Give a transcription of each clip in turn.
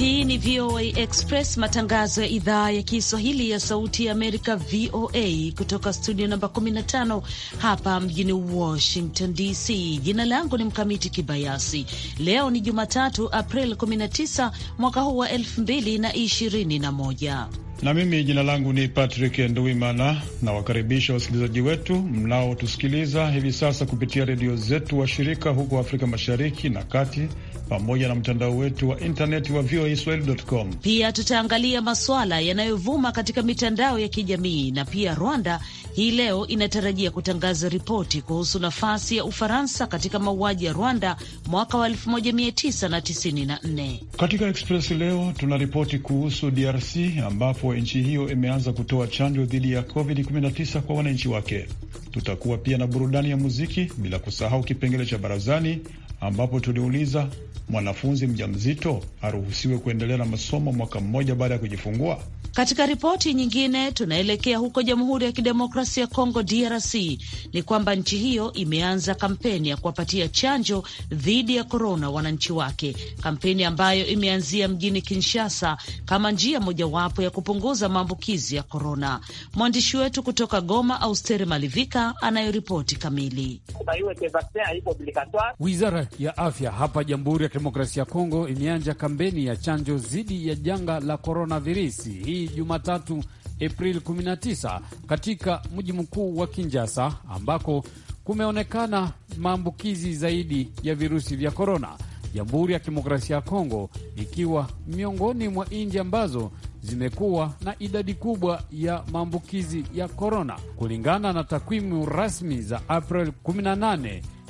Hii ni VOA Express, matangazo ya idhaa ya Kiswahili ya Sauti ya Amerika, VOA, kutoka studio namba 15 hapa mjini Washington DC. Jina langu ni Mkamiti Kibayasi. Leo ni Jumatatu, April 19 mwaka huu wa 2021 na mimi jina langu ni Patrick nduimana na wakaribisha wasikilizaji wetu mnaotusikiliza hivi sasa kupitia redio zetu washirika huko Afrika Mashariki na Kati pamoja na mtandao wetu wa intaneti wa voaswahili.com. Pia tutaangalia masuala yanayovuma katika mitandao ya kijamii, na pia Rwanda hii leo inatarajia kutangaza ripoti kuhusu nafasi ya Ufaransa katika mauaji ya Rwanda mwaka wa 1994. Katika Express leo tuna ripoti kuhusu DRC ambapo nchi hiyo imeanza kutoa chanjo dhidi ya COVID-19 kwa wananchi wake. Tutakuwa pia na burudani ya muziki bila kusahau kipengele cha barazani ambapo tuliuliza mwanafunzi mjamzito aruhusiwe kuendelea na masomo mwaka mmoja baada ya kujifungua. Katika ripoti nyingine, tunaelekea huko Jamhuri ya Kidemokrasia ya Kongo, DRC. Ni kwamba nchi hiyo imeanza kampeni ya kuwapatia chanjo dhidi ya korona wananchi wake, kampeni ambayo imeanzia mjini Kinshasa kama njia mojawapo ya kupunguza maambukizi ya korona. Mwandishi wetu kutoka Goma, Austeri Malivika, anayoripoti kamili. Wizara ya afya hapa Jamhuri ya Kidemokrasia ya Kongo imeanza kampeni ya chanjo dhidi ya janga la koronavirusi hii Jumatatu Aprili 19 katika mji mkuu wa kinjasa ambako kumeonekana maambukizi zaidi ya virusi vya korona. Jamhuri ya Kidemokrasia ya Kongo ikiwa miongoni mwa nchi ambazo zimekuwa na idadi kubwa ya maambukizi ya korona. Kulingana na takwimu rasmi za April 18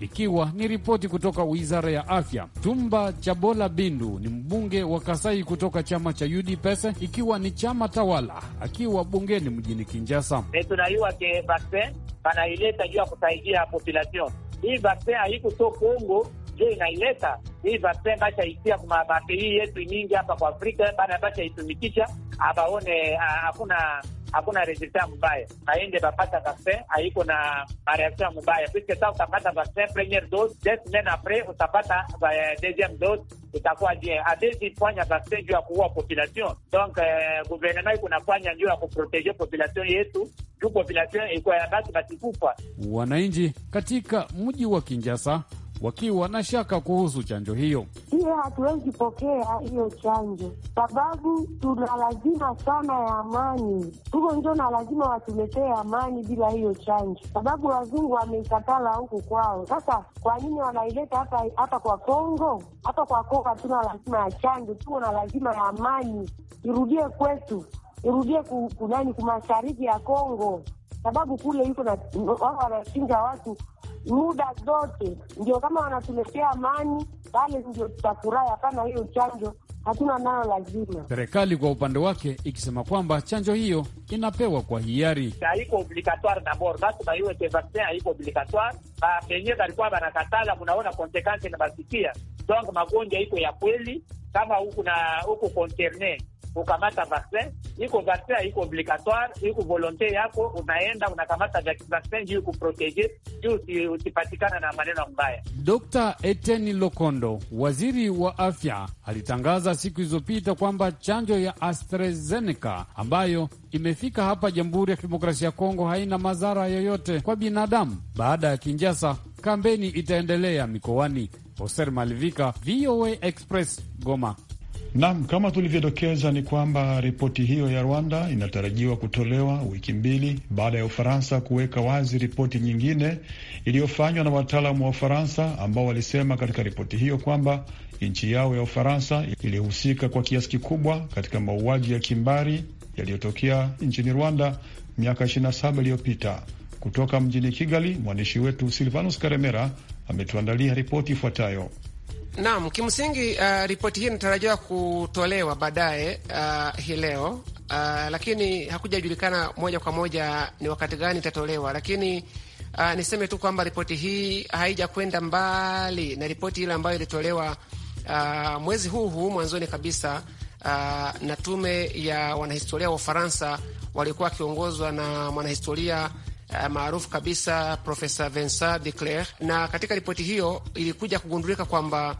ikiwa ni ripoti kutoka wizara ya afya. Tumba Chabola Bindu ni mbunge wa Kasai kutoka chama cha UDPS, ikiwa ni chama tawala, akiwa bungeni mjini kinjasa tunaiwa ke vaksin panaileta juu ya kusaidia population hii. Vaksin haikuto Kongo njo inaileta hii vaksin, basha itia yetu mingi hapa kwa Afrika, bana basha itumikisha abaone hakuna hakuna resulta mbaya, aende bapata vaccin haiko na mareaction mubaya puisque sa utapata vaccin première dose deux semaines après utapata euh, deuxième dose itakuwa je adezi fanya vaccin juu ya kuua population donc eh, guvernema ikunafanya juu ya kuprotege population yetu juu population ikuwa basi batikufa wananchi katika mji wa Kinjasa wakiwa na shaka kuhusu chanjo hiyo. Hiyo hatuwezi pokea hiyo chanjo, sababu tuna lazima sana ya amani, tuko njo na lazima watuletee amani bila hiyo chanjo, sababu wazungu wameikatala huku kwao. Sasa kwa nini wanaileta hapa hapa kwa Kongo? Hapa kwa Kongo hatuna lazima ya chanjo, tuko na lazima ya amani, irudie kwetu, irudie kunani, kumashariki ya Kongo sababu kule iko na wao wanachinja watu muda zote. Ndio kama wanatuletea amani pale, ndio tutafurahi. Hapana, hiyo chanjo hatuna nayo lazima. Serikali kwa upande wake ikisema kwamba chanjo hiyo inapewa kwa hiari, haiko obligatoire dabord basi baiweke vaccin haiko obligatoire bapenye balikuwa banakatala. Munaona konsekansi na basikia, donc magonjwa iko ya kweli kama huku na huku koncerne kukamata vaccin. Iko vaccin iko obligatoire, iko volonte yako, unaenda unakamata vaccin juu kuprotege juu usipatikana na maneno mbaya. Dr. eteni Lokondo, waziri wa afya, alitangaza siku zilizopita kwamba chanjo ya AstraZeneca ambayo imefika hapa Jamhuri ya Kidemokrasia ya Kongo haina madhara yoyote kwa binadamu. Baada ya Kinjasa, kampeni itaendelea mikoani. Hoser Malivika, VOA Express, Goma. Naam, kama tulivyodokeza ni kwamba ripoti hiyo ya Rwanda inatarajiwa kutolewa wiki mbili baada ya Ufaransa kuweka wazi ripoti nyingine iliyofanywa na wataalamu wa Ufaransa ambao walisema katika ripoti hiyo kwamba nchi yao ya Ufaransa ilihusika kwa kiasi kikubwa katika mauaji ya kimbari yaliyotokea nchini Rwanda miaka 27 iliyopita. Kutoka mjini Kigali, mwandishi wetu Silvanus Karemera ametuandalia ripoti ifuatayo. Naam, kimsingi uh, ripoti hii inatarajiwa kutolewa baadaye uh, hii leo uh, lakini hakujajulikana moja kwa moja ni wakati gani itatolewa, lakini uh, niseme tu kwamba ripoti hii haijakwenda mbali na ripoti ile ambayo ilitolewa uh, mwezi huu huu mwanzoni kabisa uh, na tume ya wanahistoria wa Ufaransa waliokuwa wakiongozwa na mwanahistoria Eh, maarufu kabisa Profesa Vincent de Clercq, na katika ripoti hiyo ilikuja kugundulika kwamba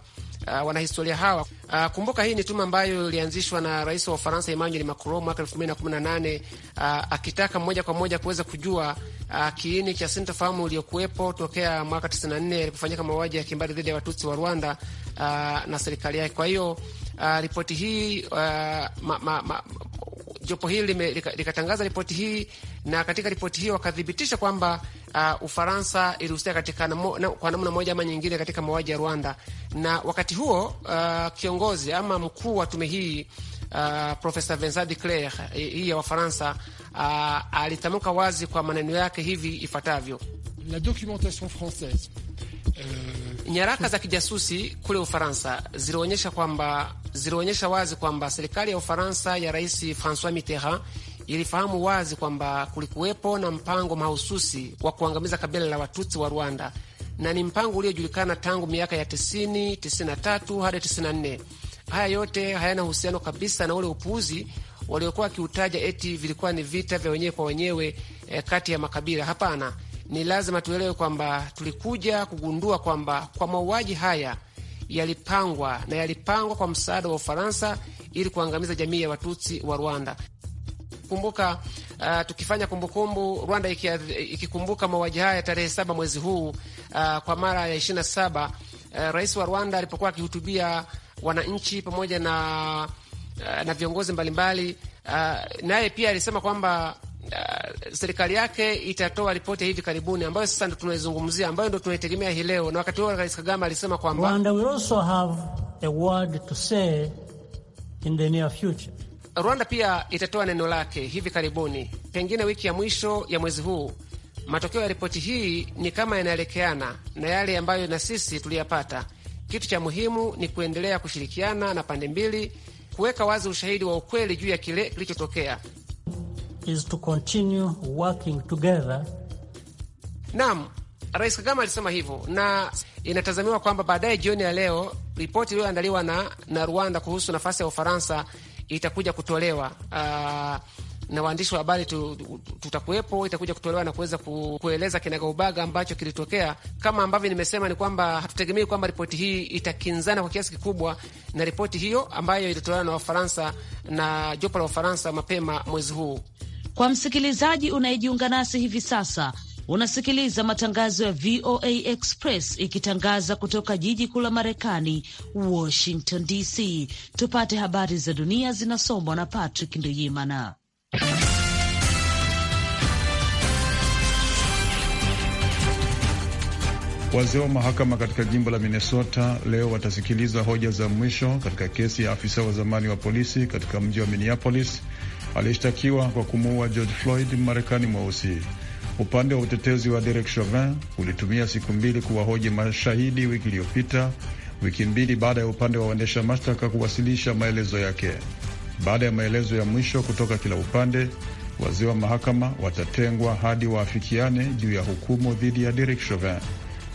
Uh, wanahistoria hawa uh, kumbuka, hii ni tume ambayo ilianzishwa na rais wa Ufaransa Emmanuel Macron mwaka elfu mbili na na kumi nane uh, akitaka moja kwa moja kuweza kujua uh, kiini cha sintofahamu iliyokuwepo tokea mwaka tisini na nne alipofanyika mauaji ya kimbari dhidi ya Watutsi wa Rwanda uh, na serikali yake. Kwa hiyo uh, ripoti hii uh, ma, ma, ma, jopo hili likatangaza ripoti hii na katika ripoti hiyo wakathibitisha kwamba uh, Ufaransa ilihusika katika namo, na, kwa namna moja ama nyingine katika mauaji ya Rwanda. Na wakati huo uh, kiongozi ama mkuu wa tume hii uh, Profesa Vincent Leclerc hii ya Wafaransa uh, alitamka wazi kwa maneno yake hivi ifuatavyo: la documentation francaise uh, nyaraka za kijasusi kule Ufaransa zilionyesha kwamba zilionyesha wazi kwamba serikali ya Ufaransa ya Rais Francois Mitterrand ilifahamu wazi kwamba kulikuwepo na mpango mahususi wa kuangamiza kabila la Watutsi wa Rwanda, na ni mpango uliojulikana tangu miaka ya 90, 93 hadi 94. Haya yote hayana uhusiano kabisa na ule upuuzi waliokuwa wakiutaja eti vilikuwa ni vita vya wenyewe kwa wenyewe eh, kati ya makabila. Hapana, ni lazima tuelewe kwamba tulikuja kugundua kwamba kwa mauaji haya yalipangwa na yalipangwa kwa msaada wa Ufaransa ili kuangamiza jamii ya Watutsi wa Rwanda tukikumbuka uh, tukifanya kumbukumbu -kumbu, Rwanda ikikumbuka mauaji haya tarehe saba mwezi huu uh, kwa mara ya ishirini na saba uh, rais wa Rwanda alipokuwa akihutubia wananchi pamoja na uh, na viongozi mbalimbali uh, naye pia alisema kwamba Uh, serikali yake itatoa ripoti ya hivi karibuni ambayo sasa ndo tunaizungumzia, ambayo ndo tunaitegemea hii leo. Na wakati huo Rais Kagame alisema kwamba Rwanda will also have a word to say in the near future. Rwanda pia itatoa neno lake hivi karibuni, pengine wiki ya mwisho ya mwezi huu. Matokeo ya ripoti hii ni kama yanaelekeana na yale ambayo na sisi tuliyapata. Kitu cha muhimu ni kuendelea kushirikiana na pande mbili kuweka wazi ushahidi wa ukweli juu ya kile kilichotokea. Naam, Rais Kagame alisema hivyo, na inatazamiwa kwamba baadaye jioni ya leo ripoti iliyoandaliwa na, na Rwanda kuhusu nafasi ya Ufaransa itakuja kutolewa uh, na waandishi wa habari tutakuwepo, itakuja kutolewa na kuweza kueleza kinagaubaga ambacho kilitokea. Kama ambavyo nimesema, ni kwamba hatutegemei kwamba ripoti hii itakinzana kwa kiasi kikubwa na ripoti hiyo ambayo ilitolewa na Wafaransa na jopo la Wafaransa mapema mwezi huu. Kwa msikilizaji unayejiunga nasi hivi sasa, Unasikiliza matangazo ya VOA Express ikitangaza kutoka jiji kuu la Marekani, Washington DC. Tupate habari za dunia zinasomwa na Patrick Ndoyimana. Wazee wa mahakama katika jimbo la Minnesota leo watasikiliza hoja za mwisho katika kesi ya afisa wa zamani wa polisi katika mji wa Minneapolis aliyeshtakiwa kwa kumuua George Floyd Marekani mweusi. Upande wa utetezi wa Derek Chauvin ulitumia siku mbili kuwahoji mashahidi wiki iliyopita, wiki mbili baada ya upande wa waendesha mashtaka kuwasilisha maelezo yake. Baada ya maelezo ya mwisho kutoka kila upande, wazee wa mahakama watatengwa hadi waafikiane juu ya hukumu dhidi ya Derek Chauvin.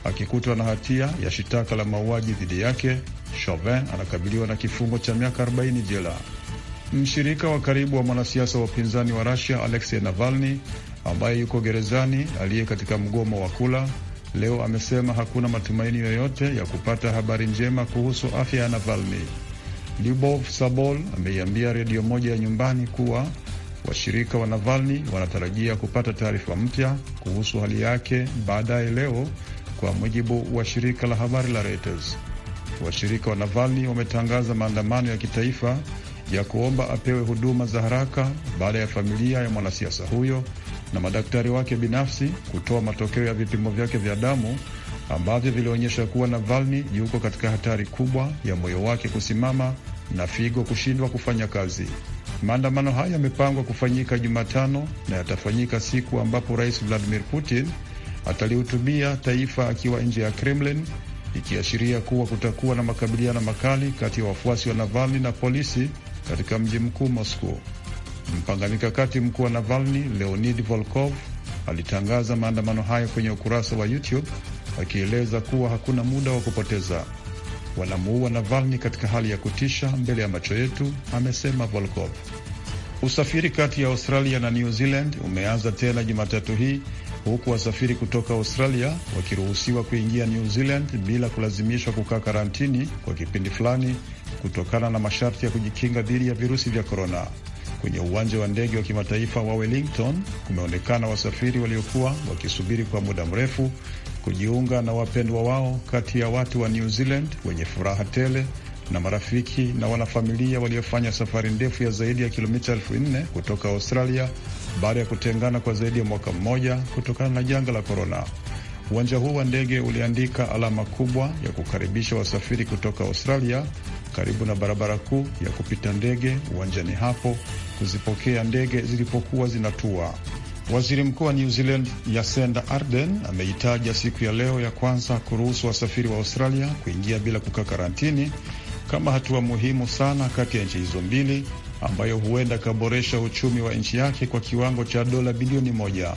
Akikutwa na hatia ya shitaka la mauaji dhidi yake, Chauvin anakabiliwa na kifungo cha miaka 40 jela. Mshirika wa karibu wa mwanasiasa wa upinzani wa rasia Alexei Navalny ambaye yuko gerezani aliye katika mgomo wa kula, leo amesema hakuna matumaini yoyote ya kupata habari njema kuhusu afya ya Navalny. lubov Sabol ameiambia redio moja ya nyumbani kuwa washirika wa Navalny wanatarajia kupata taarifa mpya kuhusu hali yake baadaye leo, kwa mujibu wa shirika la habari la Reuters. Washirika wa Navalny wametangaza maandamano ya kitaifa ya kuomba apewe huduma za haraka baada ya familia ya mwanasiasa huyo na madaktari wake binafsi kutoa matokeo ya vipimo vyake vya damu ambavyo vilionyesha kuwa Navalny yuko katika hatari kubwa ya moyo wake kusimama na figo kushindwa kufanya kazi. Maandamano haya yamepangwa kufanyika Jumatano na yatafanyika siku ambapo Rais Vladimir Putin atalihutubia taifa akiwa nje ya Kremlin, ikiashiria kuwa kutakuwa na makabiliano makali kati ya wafuasi wa Navalny na polisi katika mji mkuu Moscow. Mpanga mikakati mkuu wa Navalny Leonid Volkov alitangaza maandamano hayo kwenye ukurasa wa YouTube akieleza kuwa hakuna muda wa kupoteza, wanamuua Navalny katika hali ya kutisha mbele ya macho yetu, amesema Volkov. Usafiri kati ya Australia na New Zealand umeanza tena Jumatatu hii huku wasafiri kutoka Australia wakiruhusiwa kuingia New Zealand bila kulazimishwa kukaa karantini kwa kipindi fulani kutokana na masharti ya kujikinga dhidi ya virusi vya korona. Kwenye uwanja wa ndege wa kimataifa wa Wellington kumeonekana wasafiri waliokuwa wakisubiri kwa muda mrefu kujiunga na wapendwa wao, kati ya watu wa New Zealand wenye furaha tele na marafiki na wanafamilia waliofanya safari ndefu ya zaidi ya kilomita elfu nne kutoka Australia baada ya kutengana kwa zaidi ya mwaka mmoja kutokana na janga la korona. Uwanja huu wa ndege uliandika alama kubwa ya kukaribisha wasafiri kutoka Australia karibu na barabara kuu ya kupita ndege uwanjani hapo kuzipokea ndege zilipokuwa zinatua. Waziri Mkuu wa New Zealand Jacinda Ardern ameitaja siku ya leo ya kwanza kuruhusu wasafiri wa Australia kuingia bila kukaa karantini kama hatua muhimu sana kati ya nchi hizo mbili ambayo huenda akaboresha uchumi wa nchi yake kwa kiwango cha dola bilioni moja.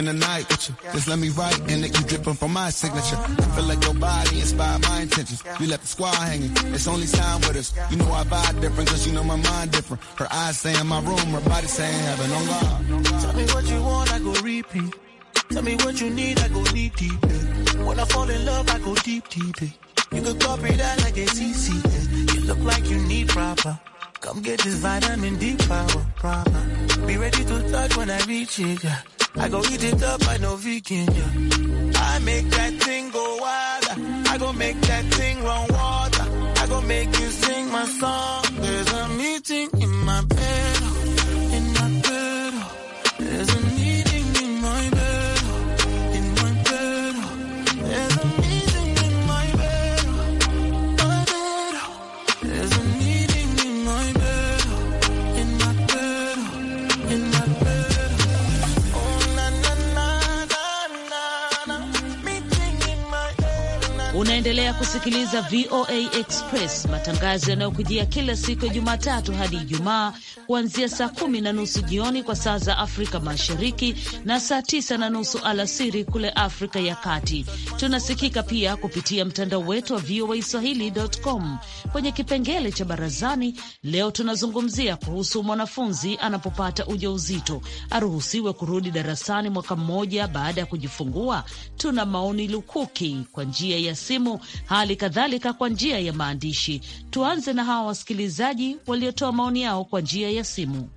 spend the night with you. Just let me write and it keep dripping from my signature. I feel like your body inspired my intentions. You left the squad hanging. It's only time with us. You know I vibe different cause you know my mind different. Her eyes in my room, her body saying heaven on oh, God. Tell me what you want, I go repeat. Tell me what you need, I go deep deep. When I fall in love, I go deep deep. You can copy that like it's You look like you need proper. Come get this vitamin D power proper. Be ready to touch when I reach it. Yeah. I go eat it up, I know vegan, yeah. I make that thing go wild. I go make that thing run water. I go make you sing my song. There's a meeting in my bed. Unaendelea kusikiliza VOA Express, matangazo yanayokujia kila siku ya Jumatatu hadi Ijumaa kuanzia saa kumi na nusu jioni kwa saa za Afrika Mashariki na saa tisa na nusu alasiri kule Afrika ya Kati. Tunasikika pia kupitia mtandao wetu wa VOA Swahili.com. Kwenye kipengele cha barazani leo, tunazungumzia kuhusu mwanafunzi anapopata ujauzito aruhusiwe kurudi darasani mwaka mmoja baada ya kujifungua. Tuna maoni lukuki kwa njia ya simu hali kadhalika kwa njia ya maandishi. Tuanze na hawa wasikilizaji waliotoa maoni yao kwa njia ya simu.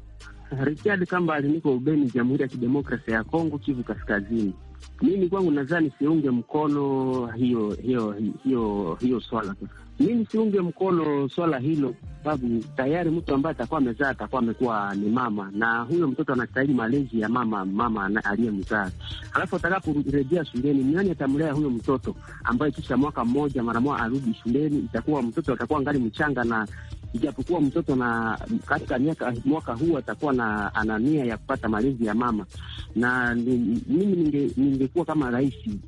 Richard Kambali, niko Ubeni, Jamhuri ya Kidemokrasia ya Kongo, Kivu Kaskazini. Mimi kwangu nadhani siunge mkono hiyo hiyo hiyo hiyo swala mimi siunge mkono swala hilo, sababu tayari mtu ambaye atakuwa amezaa atakuwa amekuwa ni mama, na huyo mtoto anastahili malezi ya mama mama aliyemzaa. Alafu atakaporejea shuleni, nani atamlea huyo mtoto ambaye kisha mwaka mmoja mara moja arudi shuleni? Itakuwa mtoto atakuwa ngali mchanga, na ijapokuwa mtoto na katika miaka mwaka huu atakuwa na ana nia ya kupata malezi ya mama, na mimi ningekuwa ninge kama rahisi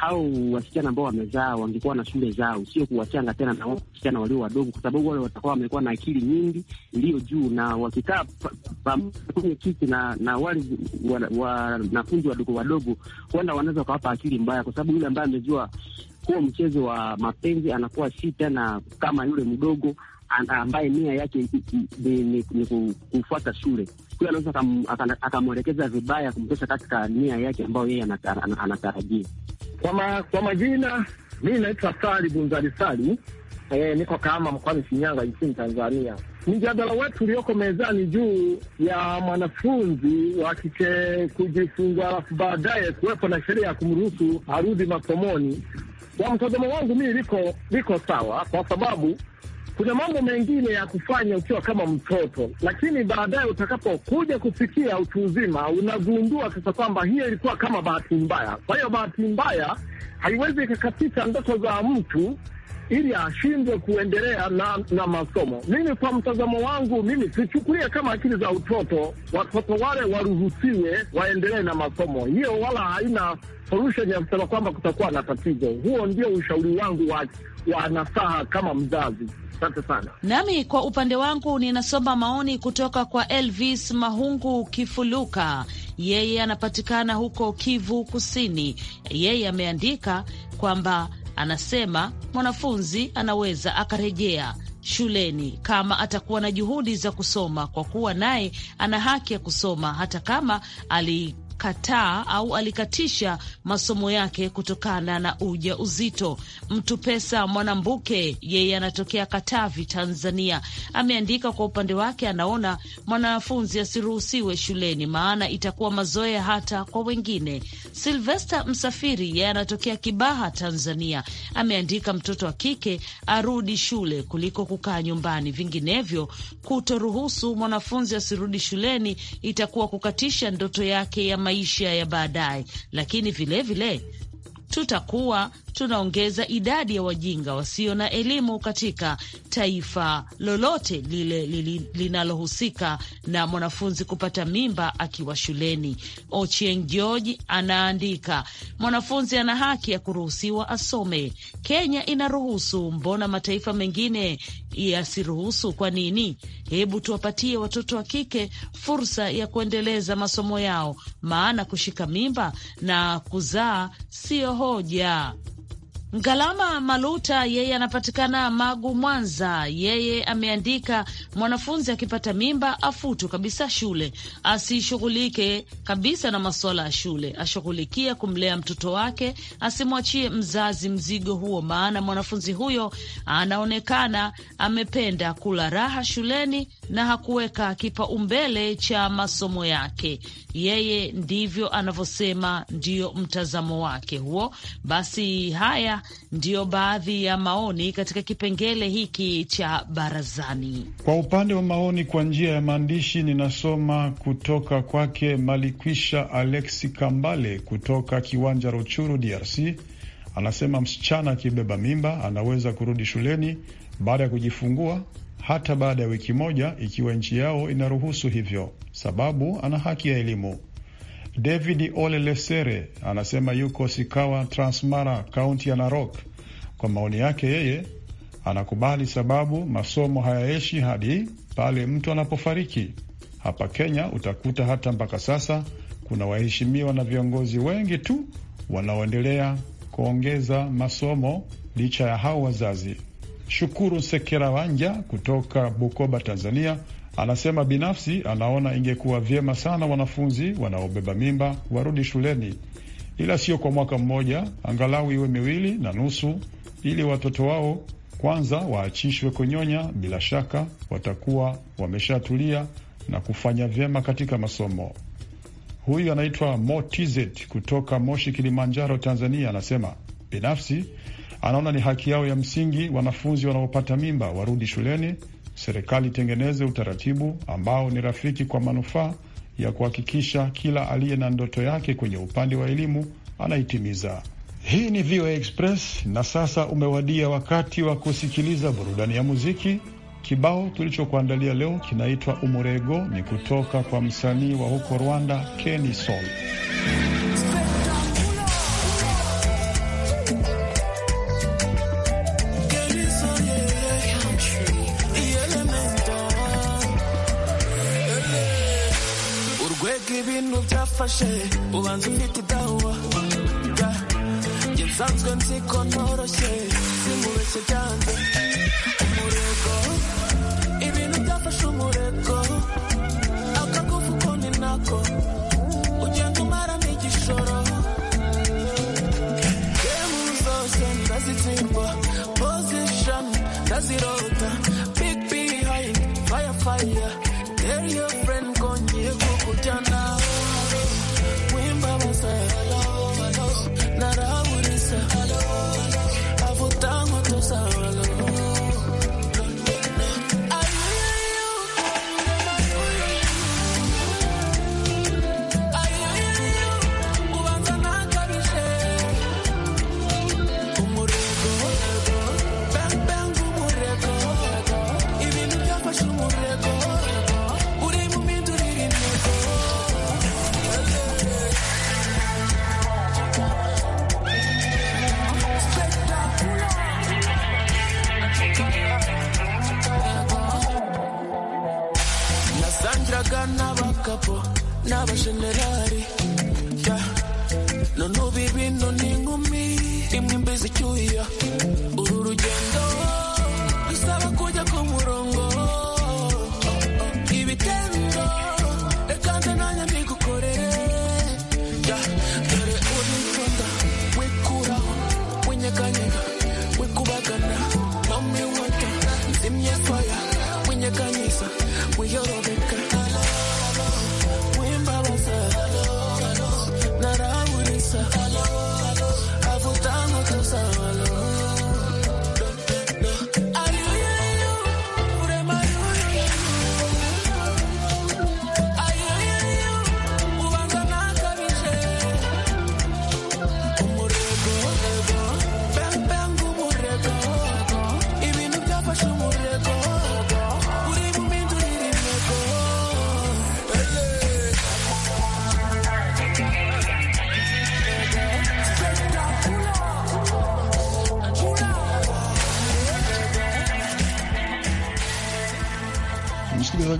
hao wasichana ambao wamezaa wangekuwa na shule zao, sio kuwachanga tena na wasichana walio wadogo, kwa sababu wale watakuwa wamekuwa na akili nyingi iliyo juu, na wakikaa kwenye kiti na na wale wanafunzi wa, wadogo wadogo, huenda wanaweza wakawapa akili mbaya, kwa sababu yule ambaye amejua huo mchezo wa mapenzi anakuwa si tena kama yule mdogo ambaye nia yake ni kufuata shule. Huyo anaweza akamwelekeza vibaya, kumtosha katika nia yake ambayo yeye anatarajia. Kwa, ma, kwa majina mi naitwa Sali Bunzali Sali, e, niko Kahama mkoani Shinyanga nchini Tanzania. Mjadala wetu ulioko mezani juu ya mwanafunzi wakike kujifunza alafu baadaye kuwepo na sheria ya kumruhusu arudi masomoni, kwa mtazamo wangu mi liko liko sawa, kwa sababu kuna mambo mengine ya kufanya ukiwa kama mtoto, lakini baadaye utakapokuja kufikia utu uzima unagundua sasa kwamba hiyo ilikuwa kama bahati mbaya. Kwa hiyo bahati mbaya haiwezi ikakatisha ndoto za mtu ili ashindwe kuendelea na, na masomo. Mimi kwa mtazamo wangu, mimi sichukulia kama akili za utoto. Watoto wale waruhusiwe waendelee na masomo, hiyo wala haina solution ya kusema kwamba kutakuwa na tatizo. Huo ndio ushauri wangu wa, wa nasaha kama mzazi. Asante sana. Nami kwa upande wangu ninasoma maoni kutoka kwa Elvis Mahungu Kifuluka, yeye anapatikana huko Kivu Kusini. Yeye ameandika kwamba anasema mwanafunzi anaweza akarejea shuleni kama atakuwa na juhudi za kusoma, kwa kuwa naye ana haki ya kusoma hata kama ali alikataa au alikatisha masomo yake kutokana na uja uzito. Mtu Pesa Mwanambuke yeye anatokea Katavi, Tanzania, ameandika kwa upande wake, anaona mwanafunzi asiruhusiwe shuleni, maana itakuwa mazoea hata kwa wengine. Silvesta Msafiri yeye anatokea Kibaha, Tanzania, ameandika mtoto wa kike arudi shule kuliko kukaa nyumbani, vinginevyo kutoruhusu mwanafunzi asirudi shuleni itakuwa kukatisha ndoto yake ya maisha ya baadaye, lakini vilevile vile, tutakuwa tunaongeza idadi ya wajinga wasio na elimu katika taifa lolote lile linalohusika na mwanafunzi kupata mimba akiwa shuleni. Ochieng George anaandika, mwanafunzi ana haki ya kuruhusiwa asome. Kenya inaruhusu, mbona mataifa mengine yasiruhusu? Kwa nini? Hebu tuwapatie watoto wa kike fursa ya kuendeleza masomo yao, maana kushika mimba na kuzaa siyo hoja. Ngalama Maluta yeye anapatikana Magu, Mwanza. Yeye ameandika mwanafunzi akipata mimba afutu kabisa shule, asishughulike kabisa na masuala ya shule, ashughulikia kumlea mtoto wake, asimwachie mzazi mzigo huo, maana mwanafunzi huyo anaonekana amependa kula raha shuleni na hakuweka kipaumbele cha masomo yake. Yeye ndivyo anavyosema, ndiyo mtazamo wake huo. Basi haya ndiyo baadhi ya maoni katika kipengele hiki cha barazani. Kwa upande wa maoni kwa njia ya maandishi, ninasoma kutoka kwake Malikwisha Alexi Kambale kutoka Kiwanja Ruchuru, DRC. Anasema msichana akibeba mimba anaweza kurudi shuleni baada ya kujifungua hata baada ya wiki moja, ikiwa nchi yao inaruhusu hivyo, sababu ana haki ya elimu. David Ole Lesere anasema yuko Sikawa, Transmara, kaunti ya Narok. Kwa maoni yake yeye anakubali sababu masomo hayaeshi hadi pale mtu anapofariki. Hapa Kenya utakuta hata mpaka sasa kuna waheshimiwa na viongozi wengi tu wanaoendelea kuongeza masomo licha ya hao wazazi. Shukuru Sekerawanja kutoka Bukoba, Tanzania, Anasema binafsi anaona ingekuwa vyema sana wanafunzi wanaobeba mimba warudi shuleni, ila sio kwa mwaka mmoja, angalau iwe miwili na nusu, ili watoto wao kwanza waachishwe kunyonya. Bila shaka watakuwa wameshatulia na kufanya vyema katika masomo. Huyu anaitwa Motizet kutoka Moshi, Kilimanjaro, Tanzania. Anasema binafsi anaona ni haki yao ya msingi wanafunzi wanaopata mimba warudi shuleni serikali itengeneze utaratibu ambao ni rafiki kwa manufaa ya kuhakikisha kila aliye na ndoto yake kwenye upande wa elimu anaitimiza. Hii ni VOA Express, na sasa umewadia wakati wa kusikiliza burudani ya muziki. Kibao tulichokuandalia leo kinaitwa Umurego, ni kutoka kwa msanii wa huko Rwanda, Kenny Sol. nyoroshe ubanza ufite idahuwa njye nsanzwe nzi ko ntoroshe simubeshye byanze umurego ibintu byafashe umurego Draga n'abakapo n'abajenerali none ubu ibintu ni inkumi imwe imbe zicyuya uru rugendo dusaba kujya ku murongo ibitendo reka nze nanjye mbigukorere dore uritonda wikuraho winyeganyega wikubagana mami wata zimye faya winyeganyiza wiyorobera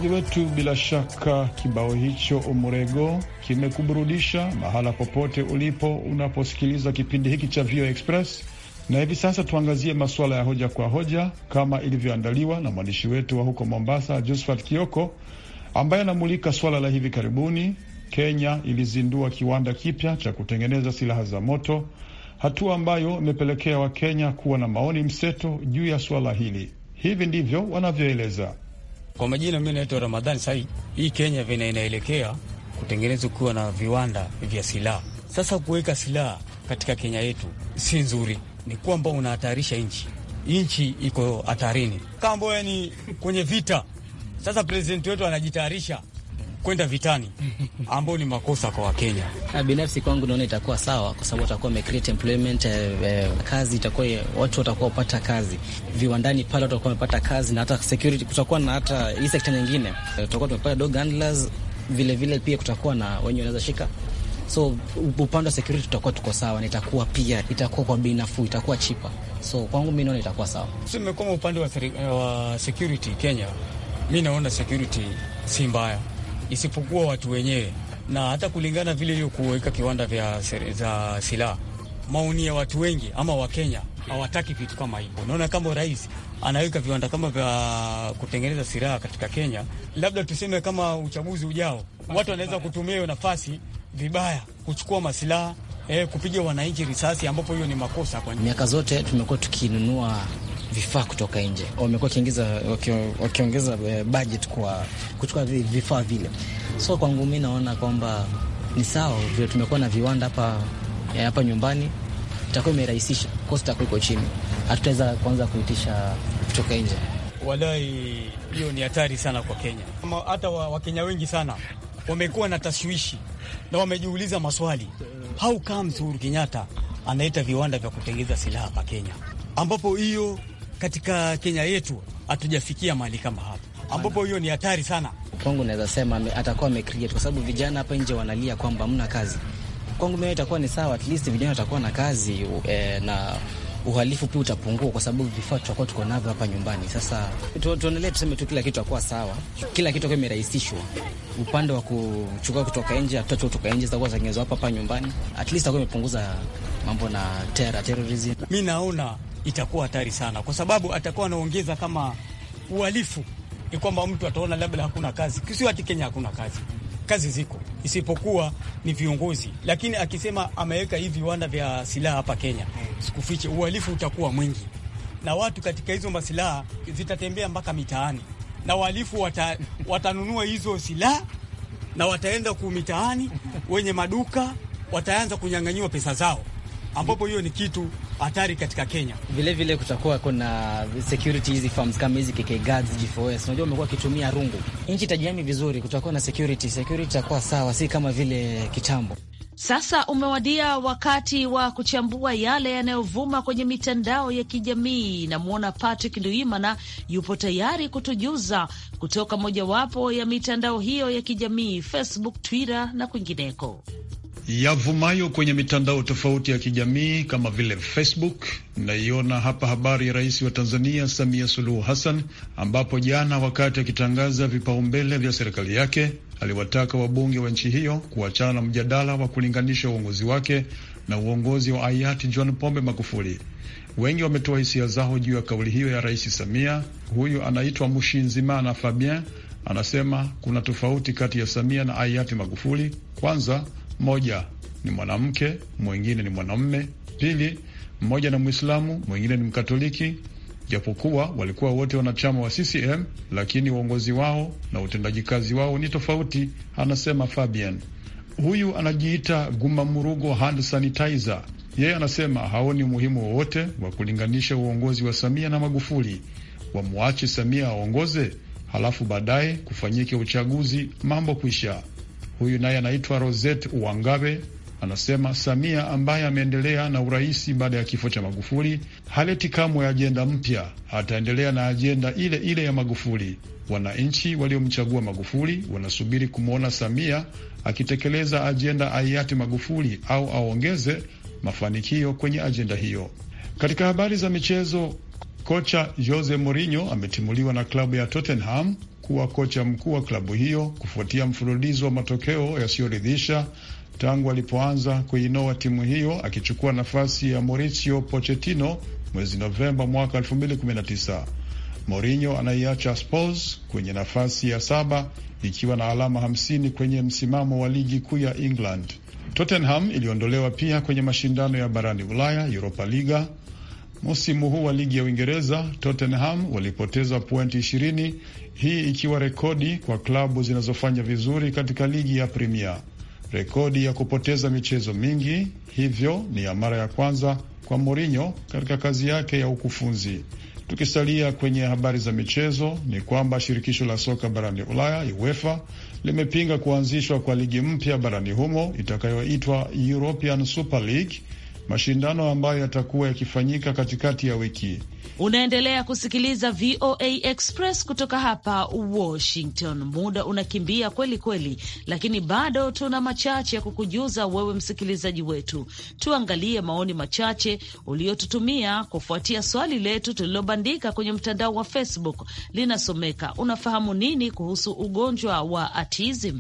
msikilizaji wetu, bila shaka kibao hicho Umurego kimekuburudisha mahala popote ulipo unaposikiliza kipindi hiki cha VOA Express. Na hivi sasa tuangazie masuala ya hoja kwa hoja kama ilivyoandaliwa na mwandishi wetu wa huko Mombasa, Josephat Kioko, ambaye anamulika suala la hivi karibuni. Kenya ilizindua kiwanda kipya cha kutengeneza silaha za moto, hatua ambayo imepelekea Wakenya kuwa na maoni mseto juu ya suala hili. Hivi ndivyo wanavyoeleza. Kwa majina, mi naitwa Ramadhani sai Hii Kenya vina inaelekea kutengeneza kuwa na viwanda vya silaha. Sasa kuweka silaha katika Kenya yetu si nzuri, ni kwamba unahatarisha nchi, nchi iko hatarini, kambo yani kwenye vita. Sasa prezidenti wetu anajitayarisha kwenda vitani, ambao ni makosa kwa Wakenya. Binafsi kwangu naona itakuwa sawa, kwa sababu watakuwa wamecreate employment eh, eh, kazi itakuwa, watu watakuwa wapata kazi viwandani pale, watu watakuwa wamepata kazi na hata security, kutakuwa na hata hii sekta nyingine eh, tutakuwa tumepata dog handlers vile vile, pia kutakuwa na wenye wanaweza shika so upande wa security tutakuwa tuko sawa, na itakuwa pia itakuwa kwa bei nafuu, itakuwa chipa. So kwangu mi naona itakuwa sawa. Sime kama upande wa, wa security Kenya, mi naona security si mbaya isipokuwa watu wenyewe, na hata kulingana vile hiyo kuweka kiwanda vya za silaha, maoni ya watu wengi ama Wakenya hawataki vitu kama hivyo. Unaona, kama rais anaweka viwanda kama vya kutengeneza silaha katika Kenya, labda tuseme kama uchaguzi ujao, watu wanaweza kutumia hiyo nafasi vibaya kuchukua masilaha eh, kupiga wananchi risasi, ambapo hiyo ni makosa. Kwa miaka zote tumekuwa tukinunua vifaa kutoka nje. Wamekuwa wakiongeza wakiongeza eh, budget kwa kuchukua vifaa vile. So kwangu mi naona kwamba ni sawa, vile tumekuwa na viwanda hapa eh, hapa nyumbani, itakuwa imerahisisha, kosti itakuwa iko chini, hatutaweza kuanza kuitisha kutoka nje. walai hiyo ni hatari sana kwa Kenya. Hata Wakenya wa wengi sana wamekuwa na tashwishi na wamejiuliza maswali, how comes Uhuru Kenyatta anaita viwanda vya kutengeza silaha hapa Kenya, ambapo hiyo katika Kenya yetu hatujafikia mahali kama hapa, ambapo hiyo ni hatari sana. Kwangu naweza sema atakuwa amecreate, kwa sababu vijana hapa nje wanalia kwamba hamna kazi. Kwangu mimi itakuwa ni sawa, at least vijana watakuwa na kazi e, na uhalifu pia utapungua kwa sababu vifaa tutakuwa tuko navyo hapa nyumbani. Sasa tuendelee tuseme tu, kila kitu takuwa sawa, kila kitu imerahisishwa Upande wa kuchukua kutoka nje, hatutachukua kutoka nje, zitakuwa zatengenezwa hapa hapa nyumbani, at least itakuwa imepunguza mambo na terror terrorism. Mi naona itakuwa hatari sana, kwa sababu atakuwa anaongeza kama uhalifu. Ni kwamba mtu ataona labda hakuna kazi, sio ati Kenya hakuna kazi, kazi ziko, isipokuwa ni viongozi. Lakini akisema ameweka hii viwanda vya silaha hapa Kenya, sikufiche, uhalifu utakuwa mwingi, na watu katika hizo masilaha zitatembea mpaka mitaani, na wahalifu wata, watanunua hizo silaha na wataenda kumitaani, wenye maduka wataanza kunyang'anyiwa pesa zao, ambapo hiyo ni kitu hatari katika Kenya. Vile vile kutakuwa kuna security hizi farms kama hizi KK Guards, G4S. Unajua umekuwa ukitumia rungu, nchi itajiami vizuri, kutakuwa na security, security itakuwa sawa, si kama vile kitambo. Sasa umewadia wakati wa kuchambua yale yanayovuma kwenye mitandao ya kijamii. Namwona Patrick Nduimana yupo tayari kutujuza kutoka mojawapo ya mitandao hiyo ya kijamii, Facebook, Twitter na kwingineko yavumayo kwenye mitandao tofauti ya kijamii kama vile Facebook. Naiona hapa habari ya rais wa Tanzania Samia Suluhu Hassan, ambapo jana wakati akitangaza vipaumbele vya serikali yake aliwataka wabunge wa nchi hiyo kuachana na mjadala wa kulinganisha uongozi wake na uongozi wa hayati John Pombe Magufuli. Wengi wametoa hisia zao juu ya kauli hiyo ya rais Samia. Huyu anaitwa Mushinzimana Fabien, anasema kuna tofauti kati ya Samia na hayati Magufuli. Kwanza moja ni mwanamke, mwingine ni mwanamume. Pili, mmoja ni Mwislamu, mwingine ni Mkatoliki. Japokuwa walikuwa wote wanachama wa CCM, lakini uongozi wao na utendaji kazi wao ni tofauti, anasema Fabian. Huyu anajiita Gumamurugo hand sanitizer. Yeye anasema haoni umuhimu wowote wa kulinganisha uongozi wa Samia na Magufuli. Wamwache Samia aongoze, halafu baadaye kufanyike uchaguzi, mambo kwisha. Huyu naye anaitwa Rosette Uwangabe, anasema Samia ambaye ameendelea na uraisi baada ya kifo cha Magufuli haleti kamwe ajenda mpya, ataendelea na ajenda ile ile ya Magufuli. Wananchi waliomchagua Magufuli wanasubiri kumwona Samia akitekeleza ajenda aiati Magufuli au aongeze mafanikio kwenye ajenda hiyo. Katika habari za michezo, kocha Jose Mourinho ametimuliwa na klabu ya Tottenham kuwa kocha mkuu wa klabu hiyo kufuatia mfululizo wa matokeo yasiyoridhisha tangu alipoanza kuinoa timu hiyo akichukua nafasi ya Mauricio Pochettino mwezi Novemba mwaka 2019. Mourinho anaiacha Spurs kwenye nafasi ya saba ikiwa na alama 50 kwenye msimamo wa ligi kuu ya England. Tottenham iliondolewa pia kwenye mashindano ya barani Ulaya Europa Liga Msimu huu wa ligi ya Uingereza, Tottenham walipoteza pointi 20, hii ikiwa rekodi kwa klabu zinazofanya vizuri katika ligi ya Premier. Rekodi ya kupoteza michezo mingi hivyo ni ya mara ya kwanza kwa Mourinho katika kazi yake ya ukufunzi. Tukisalia kwenye habari za michezo, ni kwamba shirikisho la soka barani Ulaya, UEFA, limepinga kuanzishwa kwa ligi mpya barani humo itakayoitwa European Super League mashindano ambayo yatakuwa yakifanyika katikati ya wiki. Unaendelea kusikiliza VOA Express kutoka hapa Washington. Muda unakimbia kweli kweli, lakini bado tuna machache ya kukujuza wewe msikilizaji wetu. Tuangalie maoni machache uliotutumia kufuatia swali letu tulilobandika kwenye mtandao wa Facebook. Linasomeka, unafahamu nini kuhusu ugonjwa wa autism?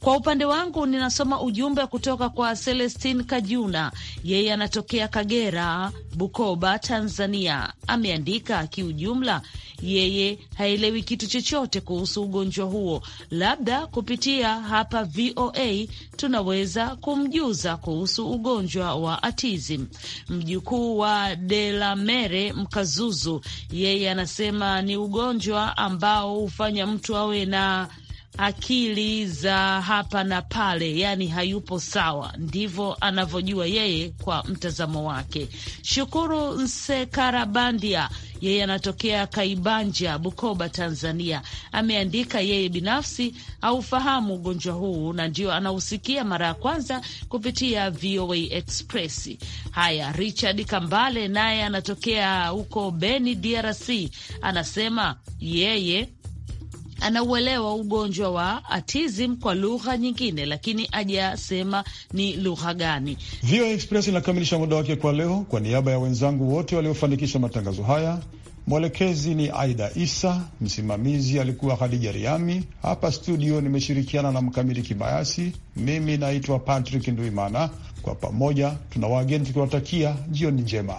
Kwa upande wangu ninasoma ujumbe kutoka kwa Celestin Kajuna, yeye anatokea Kagera, Bukoba, Tanzania. Ameandika kiujumla, yeye haelewi kitu chochote kuhusu ugonjwa huo, labda kupitia hapa VOA tunaweza kumjuza kuhusu ugonjwa wa autism. Mjukuu wa Delamere Mkazuzu, yeye anasema ni ugonjwa ambao hufanya mtu awe na akili za hapa na pale, yani hayupo sawa, ndivyo anavyojua yeye kwa mtazamo wake. Shukuru Nsekarabandia, yeye anatokea Kaibanja, Bukoba, Tanzania. Ameandika yeye binafsi haufahamu ugonjwa huu na ndio anausikia mara ya kwanza kupitia VOA Express. Haya, Richard Kambale naye anatokea huko Beni, DRC, anasema yeye anauelewa ugonjwa wa autism kwa lugha nyingine, lakini ajasema ni lugha gani. VOA Express inakamilisha muda wake kwa leo. Kwa niaba ya wenzangu wote waliofanikisha matangazo haya, mwelekezi ni Aida Isa, msimamizi alikuwa Khadija Riami. Hapa studio nimeshirikiana na Mkamili Kibayasi. Mimi naitwa Patrick Nduimana. Kwa pamoja tuna wageni tukiwatakia jioni njema.